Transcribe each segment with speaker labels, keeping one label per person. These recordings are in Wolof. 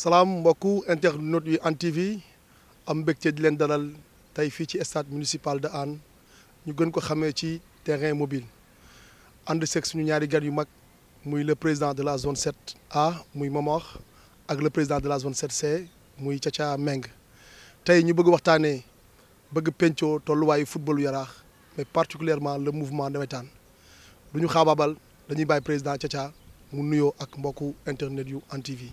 Speaker 1: Salam beaucoup internet yu Hann TV am mbégte di dans dalal stade municipal de Anne nous gën ko le terrain mobile ànd seeg suñu ñaari gan yu le président de la zone 7A muy maman, ak le président de la zone 7C muy Thiatia Meng tey ñu bëgg waxtaanee bëgg pencoo tolluwaayu football yara, mais particulièrement le mouvement de du Nous nous dañuy le président nous mu nuyoo ak beaucoup internet yu en TV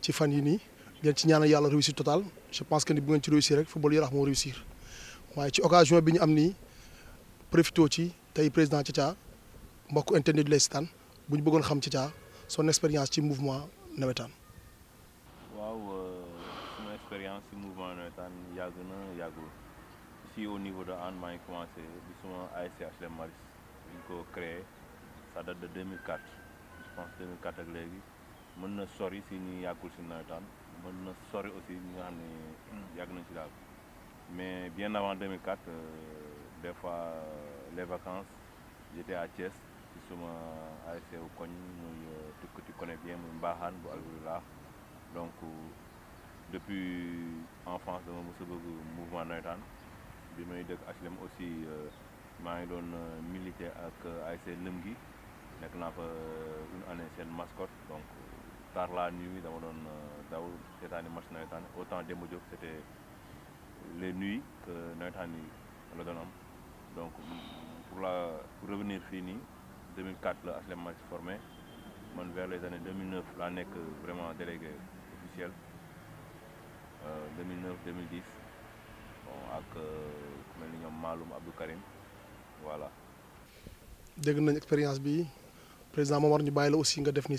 Speaker 1: ci fan yi ni ngeen ci ñaanal yalla réussite totale je pense que ni bu ngeen ci réussir rek football Yaraax mo réussir waye ci occasion bi ñu am ni profito ci tay président ta mbokk internet de sitaan bu ñu bëggoon xam ta son expérience ci mouvement nawetaan.
Speaker 2: waaw euh, son expérience ci mouvement nawetaan yàgg na yàggul fii au niveau de Hann maa ngi commencé bi suma ASCHL Maris ñu ko créé ça date de 2004 je pense 2004 ak léegi mën na sori si ñu yàggul si nawetaan mën na sori aussi ñi nga xam ne mm. yàgg nañ si daal mais bien avant 2004 euh, des fois les vacances j'étais à Thiès ci suma ASC wu koñ muy tukki euh, tu connais bien muy mbaaxaan bu alhamdulilah donc euh, depuis enfance dama mos a bëgg mouvement nawetaan bi may dëkk HLM aussi maa ngi doon militer ak ASC lëm gi nekk naa fa une année mascotte donc par la nuit dama cette euh, daw match autant de Diop c'était les nuits que nawetaan la donc pour la pour revenir fini, 2004 le HLM formé man vers les années 2009 l'année que vraiment délégué officiel 2009 euh, 2010 bon ak euh, ku mel Maloum Abdou Karim voilà.
Speaker 1: dégg une expérience bi président Momar ñu aussi nga def ni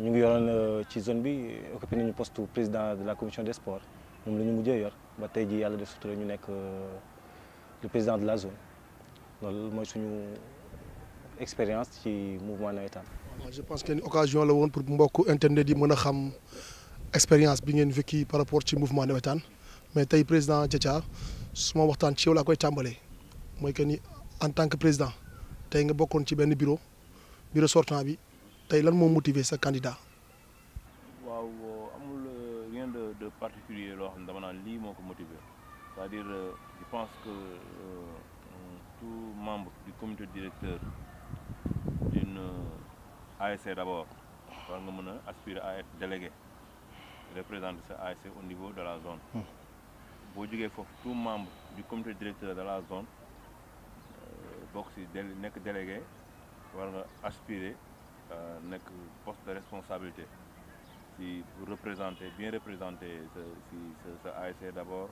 Speaker 3: Nous sommes ngi euh, président de la commission des sports Nous sommes euh, le président de la zone expérience mouvement je
Speaker 1: pense qu'il y occasion une occasion pour que internet puisse expérience par rapport au mouvement mais le président de je suis ci train de koy en tant que président vous bureau bureau sortant tay lan mo motiver ce candidat.
Speaker 2: waaw euh, amul euh, rien de particulier lo dama c'est-à-dire euh, je pense que tout membre du comité directeur d'une ASC d'abord war aspirer à être délégué représenter sa ASC au niveau de la zone. Si hum. tout membre du comité directeur de la zone boxe délégué war nga aspirer un euh, poste de responsabilité si vous représentez bien représenter ce si ça ASC d'abord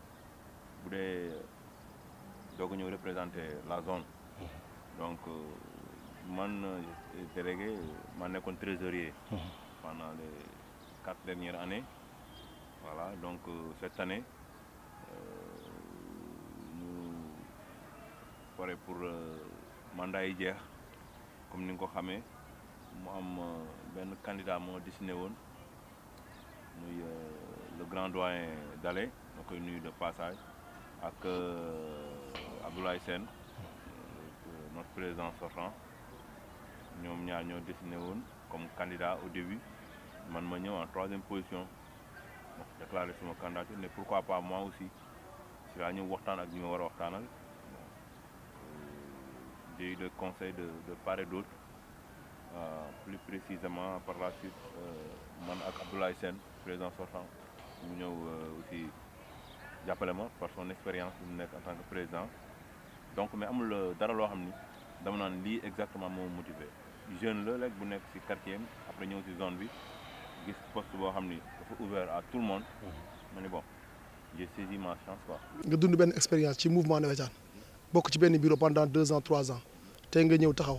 Speaker 2: représenter la zone donc euh, man euh, délégué suis un trésorier pendant les quatre dernières années voilà donc cette année nous pour mandat hier comme nous le savons moi, am un euh, candidat moo dessiné woon euh, le grand doyen d'aller, donc koy nuyu de passage ak euh, Abdoulaye Sen, notre président sortant nous avons ñoo dessiné comme candidat au début man ma en troisième position j'ai déclaré suma candidat. mais pourquoi pas moi aussi si laa ñëw waxtaan ak nous eu le conseil de de part et d'autre euh, plus précisément par la suite euh, man ak Abdoulaye Sen président sortant mu ñëw euh, aussi jàppale ma par son expérience bu en tant que président donc mais amul dara loo xam ni dama naan lii exactement mon motivé jeune le rek bu nekk ci quartier après ñëw ci zone bi gis poste bo xam dafa ouvert à tout le monde mm-hmm. Mais bon j'ai saisi ma chance quoi.
Speaker 1: nga dund ben expérience ci mouvement navétane bokk ci ben bureau pendant deux ans trois ans tey nga ñëw taxaw.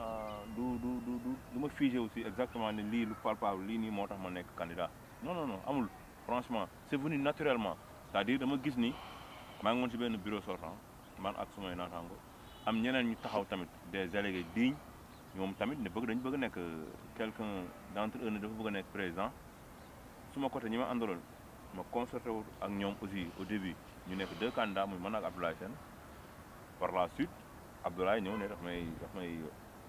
Speaker 2: Euh, du du du du du ma figé aussi exactement ni lii lu palpable lii nii moo tax ma nek candidat non non non amul franchement c'est venu naturellement c'est-à-dire dama gis ni maa ngi woon si benn bureau sortant man ak sumay naataango am ñeneen ñu taxaw tamit des délégués dignes ñom tamit ne bëgg dañ bëgg nek euh, quelqu'un d'entre eux ne dafa bëgg nek président suma côté ñima ma ma concerté wu ak ñom aussi au début ñu nek deux candidats muy man ak Abdoulaye Sen par la suite Abdoulaye ñëw ne daf may daf may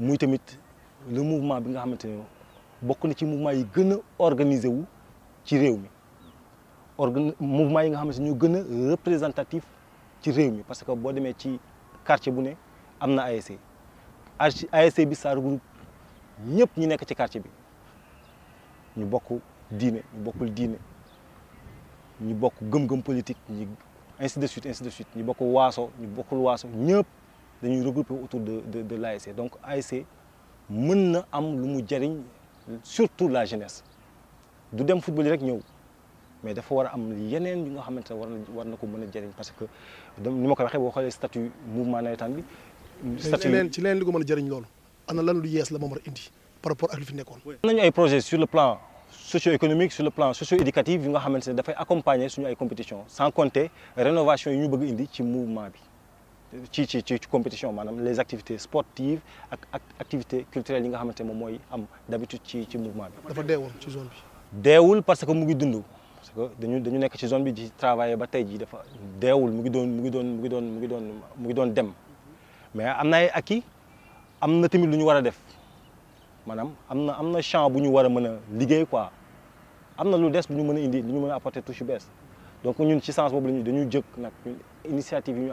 Speaker 3: muy tamit le mouvement bi nga xamante ne bokk na ci mouvement yi gën a organisé wu ci réew mi organ mouvement yi nga xamante ne ñoo gën a représentatif ci réew mi parce que boo demee ci quartier bu ne am na ASC ASC bi ça regroupe ñëpp ñu nekk ci quartier bi ñu bokk diine ñu bokkul diine ñu bokk gëm-gëm politique ñu ainsi de suite ainsi de suite ñu bokk waaso ñu bokkul waaso ñëpp dañuy regrouper autour de de de l'ASC donc ASC mën na am lu mu surtout la jeunesse du dem football rek ñëw mais dafa wara am yenen yi nga xamantene ne war war ko mën parce que ni ma ko waxe bo xolé statut mouvement nawetaan bi. statut ci leen ci leen li ko mën a jariñ ana
Speaker 1: lan lu yees la mo war indi par rapport ak lu fi nekkoon.
Speaker 3: am nañu ay projets sur le plan socio-économique sur le plan socio-éducatif yi nga xamantene da fay accompagner suñu ay compétitions sans compter rénovation yi ñu bëgg indi ci mouvement bi ci compétition les activités sportives activités culturelles nga mom moy am d'habitude ci ci mouvement bi.
Speaker 1: dafa déwul ci zone bi.
Speaker 3: déwul parce que mu ngi parce que dañu dañu zone di travailler ba dafa mu ngi don mu ngi mu ngi don mu mais champ quoi des indi apporter donc ñun ci sens initiative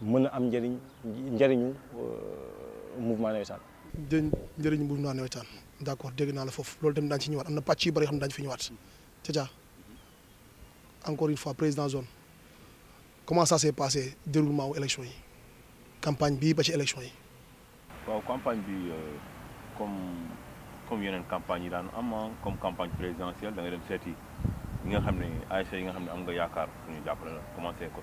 Speaker 3: mën a am njëriñ njëriñu euh, mouvement nawetaan.
Speaker 1: jë njëriñu mouvement nawetaan d' accord dégg naa la foofu loolu tamit daañu ci ñëwaat am na pàcc yu bëri yoo xam ne daañu fi ñëwaat Tchacha encore une fois président zone comment ça s' est passé élection yi campagne bii ba ci élection yi.
Speaker 2: waaw campagne bi euh, comme comme yeneen campagne yi daan am ah, comme campagne présidentielle da nga dem seeti yi nga xam ne ASC e yi nga xam ne am nga yaakaar suñu jàppale la commencé ko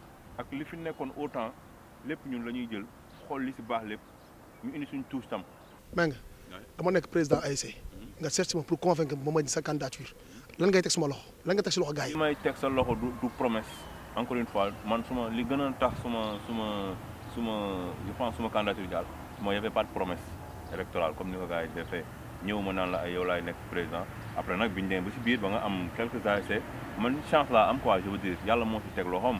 Speaker 2: ak li fi nekkoon autant lepp ñun lañuy jël xol li ci baax lepp ñu indi suñu tuus tam.
Speaker 1: maa nga dama nek président ASC. nga cherche ma pour convaincre ma ma sa candidature lan ngay teg suma loxo lan nga teg si loxo gars
Speaker 2: yi. may teg sa loxo du du promesse encore une fois man suma li gëna tax suma suma suma je pense suma candidature daal mooy y avait pas de promesse électorale comme ni nga gars def defee ñëw ma la ay yow lay nek président après nak biñ demee bu ci biir ba nga am quelques ASC man chance la am quoi je veux dire yalla mo fi tek loxom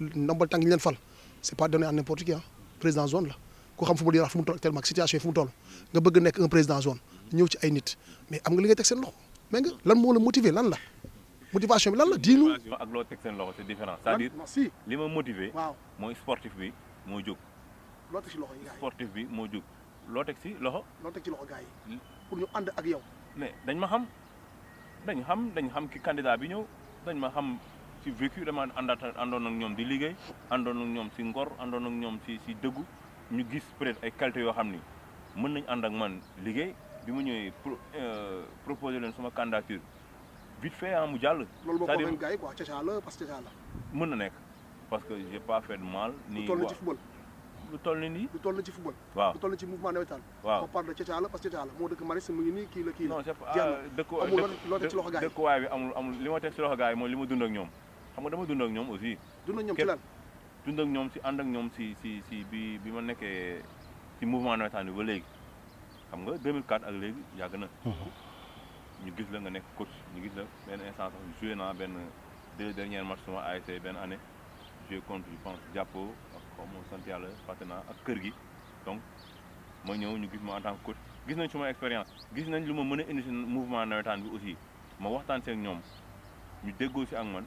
Speaker 1: ndombal tànk ñu leen fal c'est pas donné à n'importe qui hein président zone là ku xam football Yaraax fu mu toll actuellement situation yi fu mu toll nga bëgg nekk un président zone ñëw ci ay nit mais am nga li ngay teg seen loxo mais nga lan moo la motiver lan la motivation bi lan la diinu.
Speaker 2: motivation ak loo teg seen loxo c' différent. ça à dire li ma motiver. waaw mooy sportif bi moo jóg. loo teg si loxo sportif bi moo jóg loo teg si loxo. loo teg
Speaker 1: si pour ñu ànd ak yow.
Speaker 2: mais dañ ma xam dañ xam dañ xam ki candidat bi ñëw dañ ma xam si vécu dama àndaata àndoon ak ñom di liggéey andon ak ñom si ngor andon ak ñom si si deggu ñu gis près ay qualité yo xamni ni mën nañ ànd ak man liggéey bima ñëwé ñëwee pro euh, proposé leen sama candidature vite fait amu ah, jall jàll. loolu boo ko gars
Speaker 1: quoi Tchatcha la parce que la.
Speaker 2: mën na nekk parce que j'ai pas fait de mal. ni quoi lu toll ci football.
Speaker 1: lu toll ni nii. lu toll ci football. waaw lu toll ci mouvement nawetaan. waaw on parle de Tchatcha la parce que Tchatcha la moo dëkk mari sama ngi ni ki la ki non c'est pas euh, de de
Speaker 2: dëkkuwaay bi amul amul li ma teg ci loxo gaay mo mooy li ma dund ak ñom xam nga dama dund ak ñoom aussi. dund ak ñoom ci dund ak ñoom si ànd ak ñoom si si si bi bi ma nekkee si mouvement nawetaan bi ba léegi xam nga 2004 ak léegi yàgg na. Mhm. ñu gis la nga nekk coach ñu gis la benn instant sax joué naa benn deux derniers matchs sama ASC benn année joué contre je pense jàppoo ak xaw ma sant yàlla fàtte naa ak kër gi donc ma ñëw ñu gis ma en tant que coach gis nañ suma expérience gis nañ lu ma mën a indi si mouvement nawetaan bi aussi ma waxtaan seeg ñoom ñu déggoo si ak man.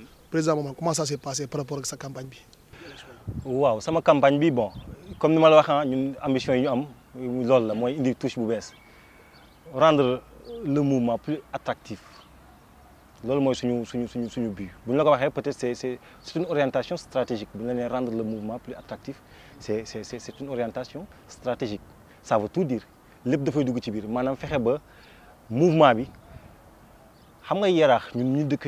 Speaker 1: Présentement, comment ça s'est passé par rapport à sa campagne bi.
Speaker 3: waaw ma campagne bon comme nous avons une ambition yi ñu am loolu la touche rendre le mouvement plus attractif C'est ce que nous suñu suñu c'est une orientation stratégique rendre le mouvement plus attractif c'est une orientation stratégique ça veut tout dire lépp dafay dugg ci biir maanaam fexe ba mouvement bi xam nga yaraax ñun ñu dëkk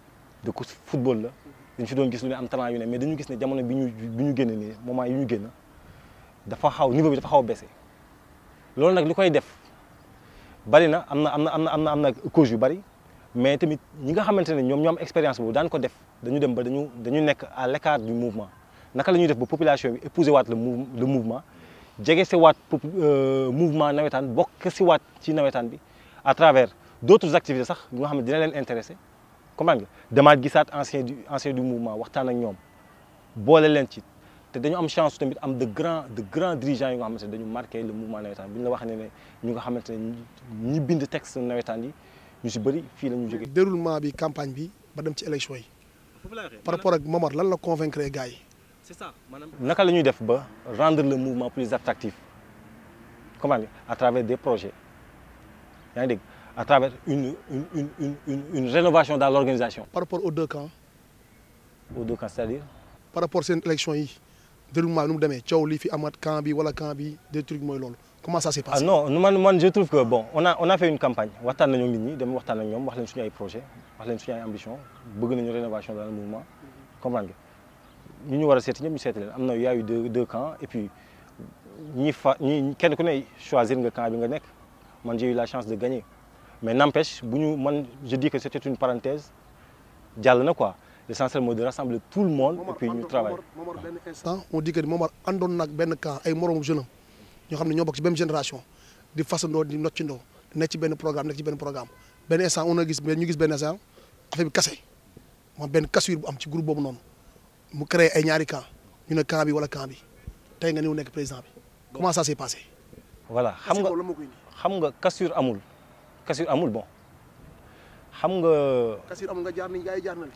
Speaker 3: dëkku football là, dañ fi doon gis lu ne am talent yu ne mais dañu gis ne jamono bi ñu bi ñu génn moment yi ñu génn dafa xaw niveau bi dafa xaw baissé loolu nag li def bari na amna amna amna amna am na am na cause yu bari mais tamit ñi nga xamante ne ñoom ñoo am expérience boobu daan ko def dañu dem ba dañu dañu nekk à l'écart du mouvement naka nous def ba population bi épouser waat le le mouvement jege si waat euh, mouvement nawetaan bokk si waat ci nawetaan bi à travers d'autres activités sax nous nga xam dina leen intéressé comprendre nga demaat gisaat ancien du ancien du mouvement waxtan ak ñom bolé len ci té dañu am chance tamit am de grands de grands dirigeants yi nga xamante ne dañu marqué le mouvement nawétan buñ la wax né ñu nga xamanté ñi bind texte nawétan yi ñu ci bari fi lañu joggé déroulement bi campagne bi ba dem ci élection yi. par rapport ak Momar lan la convaincre gars c'est ça manam naka la ñuy def ba rendre le mouvement plus attractif comment à travers des projets yaa ngi dégg à travers une, une, une, une rénovation dans l'organisation.
Speaker 1: Par rapport aux deux camps
Speaker 3: Aux deux camps, c'est-à-dire
Speaker 1: Par rapport à cette élection, déroulement, nous demain, tchao, lifi, amat, kambi, wala kambi, des trucs, comme
Speaker 3: ça Comment ça s'est passé ah Non, moi, je trouve que, bon, on a, on a fait une campagne. Watan nañu nit ñi, campagne, waxtan nañu ñom, wax leen suñu ay projet, wax leen suñu ay ambition, bëgg une rénovation dans le mouvement. comment ñu ñu wara séti ñep il y a eu deux, deux camps et puis ñi fa choisi le camp bi nga nek. Man j'ai eu la chance de gagner mais n'empêche je dis que c'était une parenthèse Diallo, l'essentiel de rassembler tout le monde et puis nous travaille
Speaker 1: on dit que Momar àndoon nak ben camp ay morom jeune Ñu ci même génération di fasandoo di ci ben programme ci programme Ben instant on a gis ñu gis fait instant affaire bi cassé. Mo ben cassure bu am ci groupe bobu nous mu créé ay ñaari camp ñu camp bi wala bi nga président comment ça s'est passé
Speaker 3: voilà xam nga xam nga cassure amul Kassir amul bon xam nga.
Speaker 1: Kassir amul nga jaar nañ gars yi jaar nañ.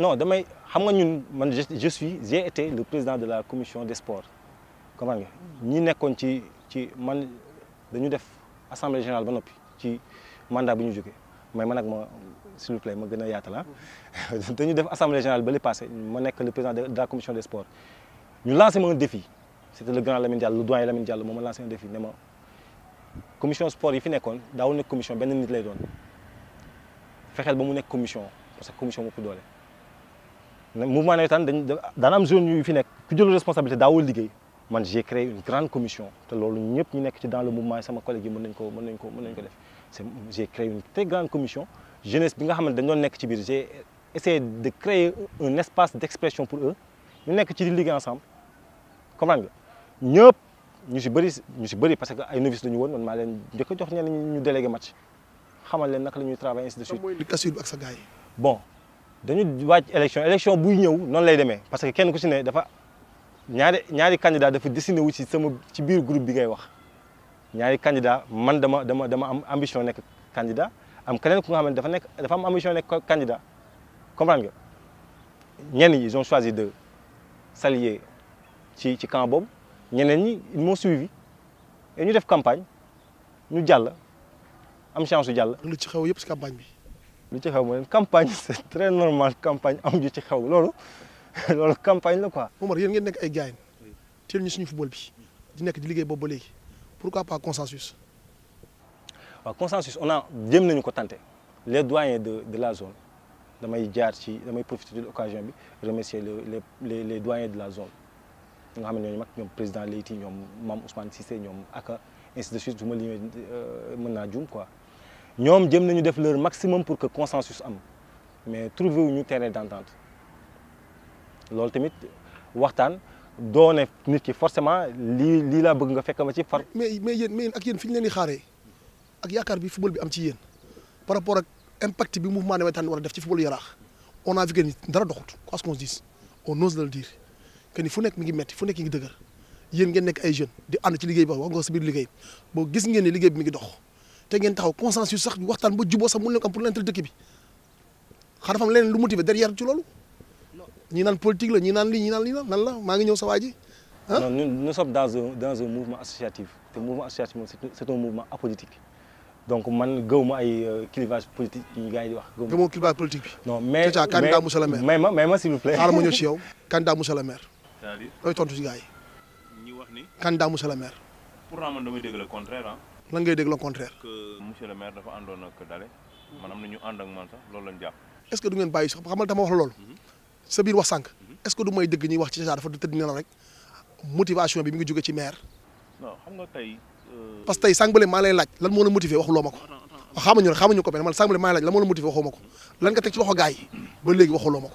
Speaker 3: non damay xam nga ñun man je suis j'ai été le président de la commission des sports comment nga ñi nekkon ci ci man dañu def assemblée générale ba nopi ci mandat bu ñu mais man ak ma s'il vous plaît ma gëna a yaatal ah. dañu def assemblée générale ba li passé ma nekk le président de la commission des sports ñu lancé un défi c'était le grand Lamine Diallo le doyen Lamine Diallo moo lancé un défi ne ma commission sport yi fi nekkoon daawul nekk commission benn nit lay doon fexeel ba mu nekk commission parce que commission moo doole. mouvement nawetaan dañ daan am zone yu fi nekk ku jël responsabilité daawul liggéey man j'ai créé une grande commission te loolu ñëpp ñu nekk ci dans le mouvement sama collègue yi mën nañ ko mën nañ ko mën nañ ko def c'est j'ai créé une très grande commission jeunesse bi nga xam dañ doon nekk ci biir j'ai essayé de créer un espace d'expression pour eux ñu nekk ci di liggéey ensemble comprendre nga ñëpp ñu si bëri ñu si bëri parce que ay novice lañu won man ma leen jëk jox ñenn ñu déléguer match xamal leen nak la travailler ainsi de suite. ak sa gaay bon dañu waaj élection élection bu ñëw non lay démé parce que kenn ku si ne dafa ñaari ñaari candidat dafa dessiné wu ci sama ci biir groupe bi ngay wax ñaari candidat man dama dama dama am ambition nek candidat am keneen ku nga xam dafa nek dafa am ambition nek candidat comprendre nga ñen yi ils ont choisi de s'allier ci ci camp boobu ñeneen ñi ils m'ont suivi et ñu def campagne ñu jàll am chance su jàll. lu ci xew yëpp si campagne bi. lu ci xew mooy campagne c'est très normal campagne am ju ci xew loolu loolu campagne la quoi. Omar yéen ngeen nekk ay gars yi teel ñu suñu football bi di nekk di liggéey boobu ba léegi
Speaker 1: pourquoi pas consensus.
Speaker 3: waaw consensus on a jëm nañu ko tenter les doyens de de la zone damay jaar ci damay profiter de l'occasion bi remercier les les les doyens de la zone nga xam ne ñooñu mag ñoom président Leyti ñoom mam Ousmane Cissé ñoom ak ainsi de suite su ma limee euh, mën naa juum quoi ñoom jëm nañu def leur maximum pour que consensus am mais trouvé wuñu ñu terrain d'entente loolu tamit waxtaan doone nit ki forcément lii lii laa bëgg nga fekk ma ci far.
Speaker 1: mais mais yéen mais ak yéen fi ñu leen di xaaree ak yaakaar bi football bi am ci yéen par rapport ak impact bi mouvement nawetaan war a def ci football yaraax on a vu que ni dara doxut quoi ce qu'on se dise on ose le dire que ni fu nek mi ngi metti fu nek mi ngi dëgër yeen ngeen nek ay jeune di and ci liguey ba wax nga si bir liguey bo gis ngeen ni liguey bi mi ngi dox te ngeen taxaw consensus sax waxtaan ba juboo sax mën leen ko am pour l'intérêt dëkk bi xanaa dafa am lu motiver derrière ci lolu ñi nan politique la ñi nan
Speaker 3: li ñi nan lii la nan la ma ngi ñew sa waji ah? non nous nous sommes dans un dans un mouvement associatif te mouvement associatif c'est un mouvement apolitique donc man gëw ma ay euh, clivage politique yi gars yi di wax. gëw ma clivage politique bi. non mais mais candidat monsieur le maire. may Mais may s'il vous plaît. xaaral ma ñëw ci yow. candidat
Speaker 1: Moussa le maire. c'est-à-dire looy tontu si gars yi.
Speaker 2: ñi wax ni. candidat monsieur le maire. pourtant man damay dégg le contraire ah. lan ngay dégg le contraire. que monsieur le man am na ñu ànd ak man sax loolu lañ jàpp.
Speaker 1: est ce que du ngeen bàyyi sax la mhm. mhm. rek motivation bi mi ngi xam nga tey. Euh, parce maa lay laaj lan moo la motivé waxuloo ma ko. xamuñu ne xamuñu ko benn man sànq bële maa lay laaj lan moo la motivé waxoo ma ko lan nga teg ci loxo gars ba léegi waxuloo ma ko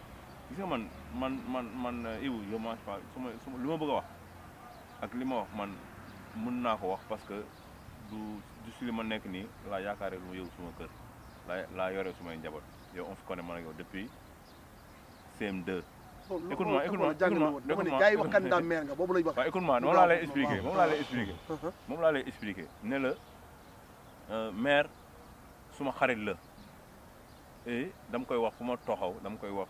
Speaker 2: gis man man man man iwu yo mange pas su ma su li ma bëgg a wax ak li ma wax man mën na ko wax parce que du du si li ma nekk nii laa yaakaare lu ma suma kër la la yore suma njabot yow on se connaît man ak yow depuis CM2
Speaker 1: écoute-moi écoute-moi écoute-moi gars yi wax candidat maire nga bobu lañ wax écoute-moi moom la lay expliquer mom la lay expliquer
Speaker 2: mom la lay expliquer ne la mère suma xarit la et eh, dama koy wax fuma ma toxaw dama koy wax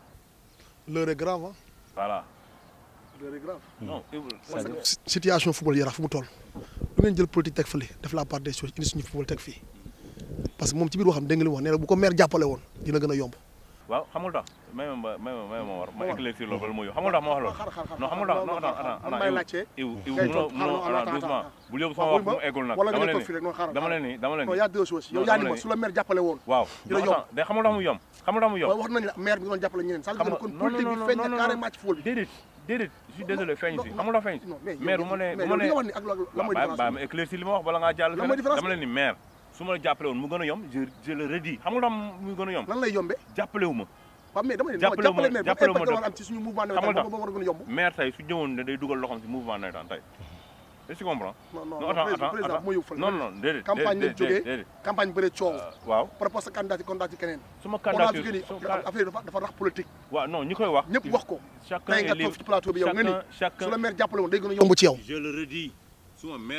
Speaker 2: l'heure est grave Hein. voilà. l'heure est grave. non
Speaker 1: situation football y fu mu toll. du ngeen jël politique teg fële def la part des choses indi suñu football teg fii parce que moom ci biir waxam dégg nga li mu wax nee na bu ko maire jàppale woon dina gën yomb.
Speaker 2: waaw xamul tax may ma ma may ma ma war ma éclaircir loolu bala ma yow xamul tax ma wax loolu non xamul tax non attends iw iw mënoo mënoo attends doucement bu yóbbu sama wax mu eggul nag dama leen ni dama leen ni dama leen ni y a deux choses yow yaa ni ma su la
Speaker 1: maire jàppale woon
Speaker 2: waaw da xamul tax mu yomb xamul tax mu yomb wax nañ la maire bi nga doon jàppale ñeneen sax kon politique bi feeñ na carrément ci fool bi déedéet déedéet je suis désolé feeñ si xamul tax feeñ si maire bu ma nee bu ma nee ba ma éclaircir li ma wax bala ngaa jàll dama leen ni maire su ma la jàppale woon mu gën a yomb je je le redis a a gën a yomb. maire tey su ñëwoon day dugal loxoom ci mouvement nawetaan tey est-ce que non
Speaker 1: non président moo yóbbu fële. non ah, a affaire dafa dafa rax politique. non ñu koy wax. ñëpp wax ko.
Speaker 2: chacun est libre tey nga toog day gën yomb ci yow. je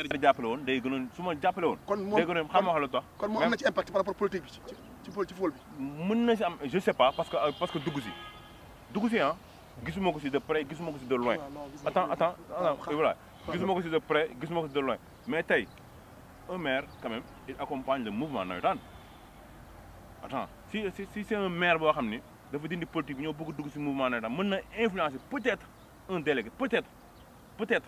Speaker 2: ne sais pas parce que euh, parce que dugg hein, de près de loin. attends attends voilà ah, ah. Gisumoko de près de loin mais un maire quand même il accompagne le mouvement attends si c'est un maire qui xam dafa dindi politique bi mouvement influencer peut-être un délégué peut-être peut-être.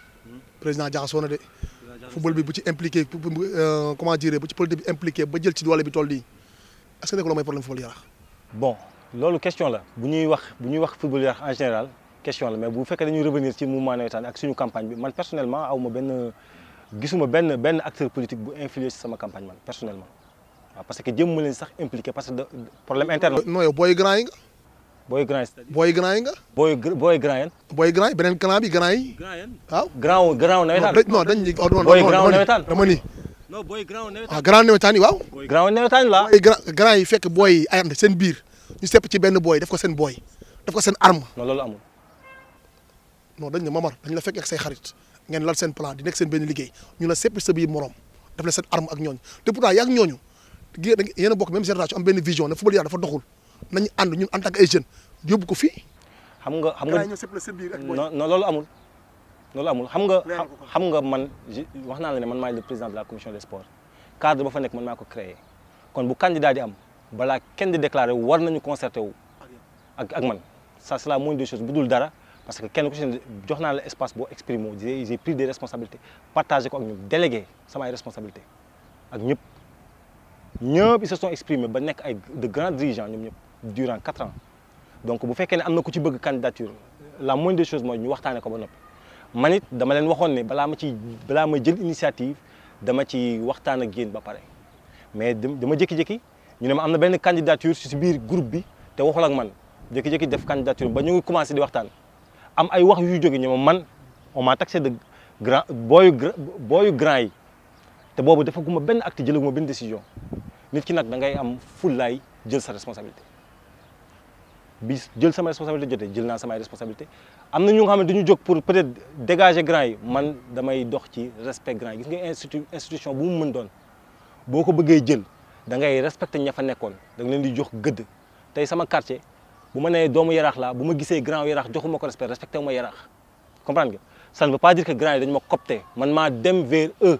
Speaker 1: président jaxasoo de. football bi bu ci impliqué euh, comment dire bu ci politique impliqué ba jël ci doole bi toll est-ce que lo may problème football Yaraax.
Speaker 3: bon lolu question la bu ñuy wax bu ñuy wax football Yaraax en général question la mais bu fekk dañuy revenir ci mouvement nawetaan ak suñu campagne bi man personnellement awuma ben gisuma ben ben acteur politique bu influer ci sama campagne man personnellement parce que jëm leen sax impliqué parce que problème interne. non yow grand yi nga. booy grand booy grand yi nga. booy booy grand yan. booy grand beneen clan bi grand
Speaker 1: yi. waaw grand grand nawetaan. non dañ ñu oh, booy grand nawetaan dama ni. non booy grand nawetaan waaw ah, grand nawetaan yi waaw. grand nawetaan la. booy grand yi fekk booy yi ay am seen biir ñu sepp ci benn booy def ko seen booy def ko seen arme. non loolu amul. non dañ ne Mamar dañ la fekk ak say xarit ngeen lal seen plan di nekk seen benn liggéey ñu la sepp sa biir morom def la seen arme ak ñooñu te pourtant yaa ak ñooñu yéen a bokk même génération am benn vision ne football yàlla dafa doxul Nous
Speaker 3: ànd ñun en jeunes Non, non le président de la commission des sports cadre candidat déclaré c'est la des parce que kenn qui j'ai pris des responsabilités Partager ko délégué responsabilité ak ils se sont exprimés Mais de grands dirigeants durant quatre ans donc bu fekkee ne am na ku ci bëgg candidature la moindre des choses mooy ñu waxtaanee ko ba noppi man it dama leen waxoon ne balaa ma ci balaa ma jël initiative dama ci waxtaan ak yéen ba pare mais dama jékki-jékki ñu ne ma am na benn candidature si biir groupe bi te waxul ak man jékki-jékki def candidature ba ñu ngi commencé di waxtaan am ay wax yu jóge ñu man on m'a taxé de grand booyu booyu grand yi te boobu dafa guma benn acte jëlaguma benn décision nit ki nag da ngay am full lay, jël sa responsabilité bis jël sama responsabilité jotté jël na sama responsabilité amna ñu nga xamné duñu jog pour peut-être dégager grand yi man damay dox ci respect grand gis nga institution bu mu mën doon boko bëggé jël da ngay respecté ña fa nekkoon da nga leen di jox gëdd tay sama quartier bu ma né doomu yarax la bu ma gisé grand yarax joxuma ko respect respecté wu ma yarax comprendre nga ça ne veut pas dire que grand yi dañu ma copté man ma dem vers eux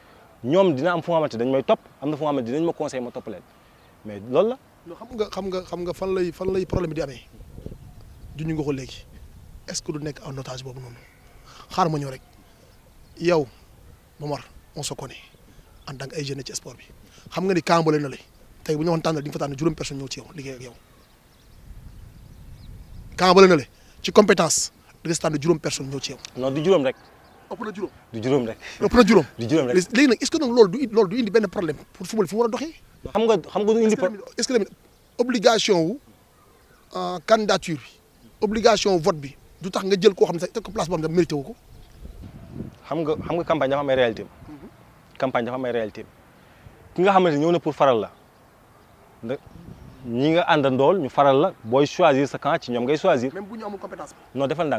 Speaker 3: ñoom dina am fu nga dañ may topp am na fu nga xamante dinañ ma conseil ma topp leen mais loolu la. non xam nga xam nga xam nga fan lay fan lay problème bi di amee
Speaker 1: duñu nga ko léegi est-ce que du nekk en otage boobu noonu xaar ma ñëw rek yow Momar on se connaît en tant que ay jeunes ci sport bi xam nga ni kàmbale na la tey bu ñu waxoon tànnal di nga fa tànn juróom personne ñëw ci yow liggéey ak yow kàmbale na la ci compétence di nga si tànn juróom personne ñëw ci yow. non du juróom rek. est-ce que du problème pour football fi xam nga est-ce que obligation wu euh, candidature
Speaker 3: obligation vote bi du tax nga jël ko xam ne mérité xam nga campagne dafa am réalité campagne dafa am réalité ki nga na pour faral la ñi nga ñu faral la boy choisir sa camp ci ñom ngay choisir. même
Speaker 1: bu ñu compétence.
Speaker 3: non defal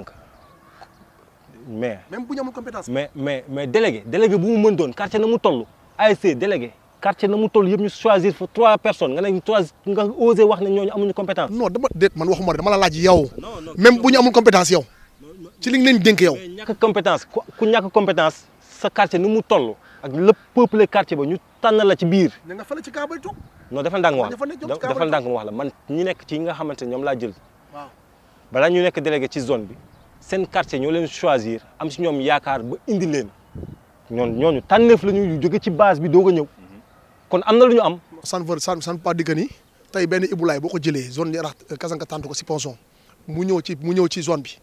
Speaker 3: mais
Speaker 1: même bu ñu amul compétence. mais
Speaker 3: mais mais délégué délégué bu mu mën doon quartier na mu toll ASC délégué quartier na mu toll yëpp ñu choisir fa trois personnes nga ne trois nga osé wax na ñooñu amuñu compétence. non dama déet man waxuma dama la laaj yow. même bu ñu amul compétence yow. ci li nga leen dénk yow. ñàkk compétence ku ñàkk compétence sa quartier ni mu toll ak lépp peuple quartier ba ñu tànn la ci biir.
Speaker 1: ña nga fële ci kaa bay toog.
Speaker 3: non dafa ndànk wax la dafa ndànk man ñi nekk ci nga xamante ne ñoom laa jël. waaw balaa ñu nekk délégué ci zone bi. sen quartier ñoo leen choisir am ci ñom yaakar ba indi leen ñoon ñooñu tanef lañu ñu joge ci base bi doga ñew kon amna na am san
Speaker 1: ver san san pas digga tay ben iboulay boko boo zone rax euh, kasanka tàntu ko ci ponson mu ñew ci mu ñew ci zone bi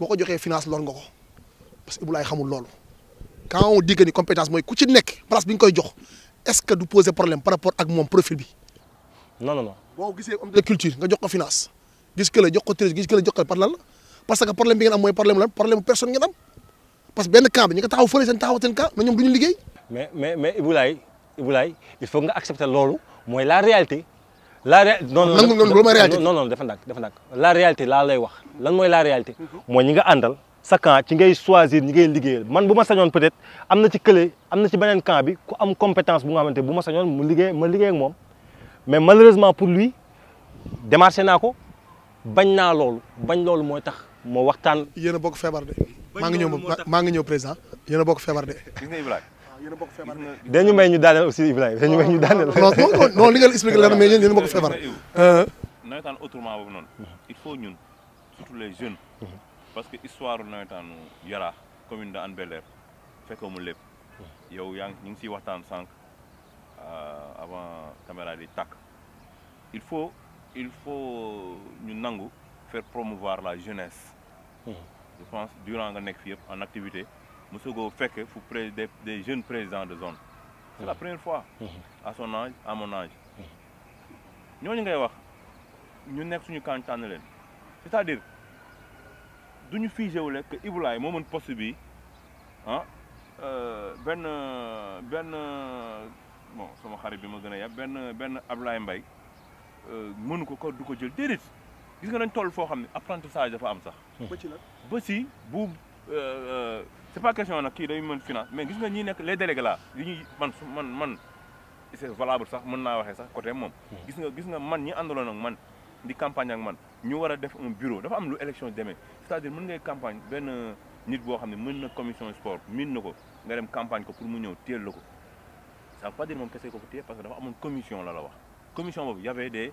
Speaker 1: boko joxé finance lor nga ko parce que ibulaay xamul lool quand on dit compétence moy ku ci nek place bi nga koy jox est ce que du poser problème par rapport ak moom profil bi
Speaker 3: non non non bo gisee homme de
Speaker 1: culture nga jox ko finance gis que la jox ko tres gis que la jox ko par lan la parce que problème bi ngeen am mooy problème lan problème personne ngeen am parce que benn camp bi ñu nga taxaw fële
Speaker 3: seen taxaw seen camp mais ñoom du ñu mais mais mais Iboulay Iboulay il faut nga accepter loolu mooy la réalité. la ré non non non non dafa ndàkk dafa ndàkk la réalité la lay wax lan mooy la réalité. mooy ñi nga àndal sa camp ci ngay choisir ñi ngay man bu ma sañoon peut-être am na ci kële am na ci beneen camp bi ku am compétence bu nga xamante bu ma sañoon mu liggéey ma liggéey ak moom mais malheureusement pour lui démarché naa ko bañ naa loolu bañ loolu mooy mo waxtan yéen bok febar de.
Speaker 1: maa ngi ñëw maa ngi ñëw président. yéen bok
Speaker 3: febar de. gis nga Ibrahima. Ah, dañu may ñu daaneel aussi ibrahim dañu may ñu daaneel. non non non li nga expliqué la mais yéen yéen a bokk feebar. Euh,
Speaker 2: nawetaan autrement boobu non il faut ñun surtout les jeunes. parce que histoire nawetaanu Yara commune de anbeler bel mu lepp yow yaa ngi ñu ngi siy waxtaan sànq euh, avant caméra di tak il faut il faut ñu nangu faire promouvoir la jeunesse je pense durant nga nekk fi en activité mosugoo fekke fu pré des des jeunes présidents de zone. c'est la mm-hmm. première fois. Mm-hmm. à son âge à mon âge. Mm-hmm. ñooñu ngay wax ñu nekk suñu kan cest à dire du ñu figé wu que Iboulaye moo mën poste bi ben ben benn bon sama xarit bi ma gën ben, ben, benn benn Ablaye Mbaye euh, mënu ko ko du ko jël déedéet gis nga dañ toll foo xam ne apprentissage dafa am sax. Hmm. ba ci la. ba si bu euh, euh, c'est pas question nag kii day mën finance mais gis nga ñi nekk les délégués là yi ñuy man su man man c'est valable sax mën naa waxee sax côté moom. Hmm. gis nga gis nga man ñi àndaloon ak man di campagne ak man ñu war a def un bureau dafa am lu élection demee c'est-à-dire mën ngay campagne benn nit boo xam ne mën na commission sport min na ko nga dem campagne ko pour mu ñëw téel la ko ça veut pas dire moom kese ko fa téye parce que dafa amoon commission la la wax commission boobu y avait des.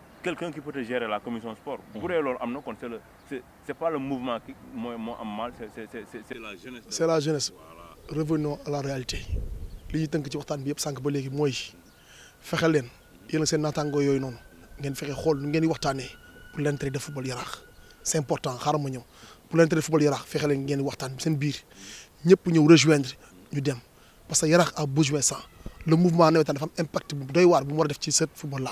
Speaker 2: quelqu'un qui peut te gérer la commission sport. Pour mm. eux, c'est c'est pas le mouvement qui a mal, c'est la jeunesse. C'est
Speaker 1: la jeunesse. Voilà. Revenons à la réalité. Ce qui est important, c'est que les gens qui ont n'atango en non. de se faire, nous ont fait pour l'entrée de football Yarak. C'est important, harmonieux. Pour l'entrée de football Yarak, faire les gens qui ont été en bir. Nous rejoindre, nous dem. Parce que Yarak a besoin de ça. Le mouvement a un impact, il doit y avoir un impact sur ce football-là.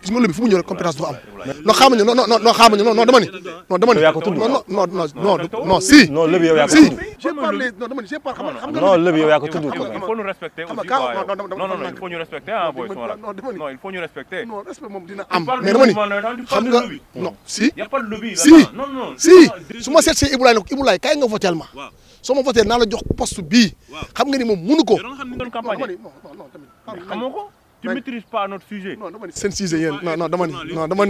Speaker 1: gis nga lu bi fu mu ñëw
Speaker 3: si non lëb yow yaa nga
Speaker 1: non a ma soo ma voté naa la jox poste bii xam nga ni moom mënu
Speaker 2: tu ne maîtrises pas notre
Speaker 1: sujet. non dama seen sujet yéen non dama ni non dama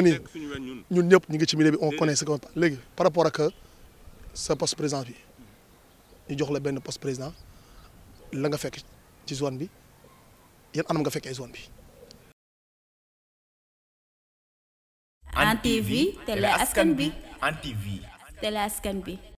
Speaker 1: ni ñun ñëpp ñu ngi ci milieu bi on connaît ce qu'on parle léegi par rapport ak sa poste président bi ñu jox la benn poste président la nga fekk ci zone bi yan anam nga fekkee zone bi.
Speaker 3: Hann askan bi Hann
Speaker 2: askan bi.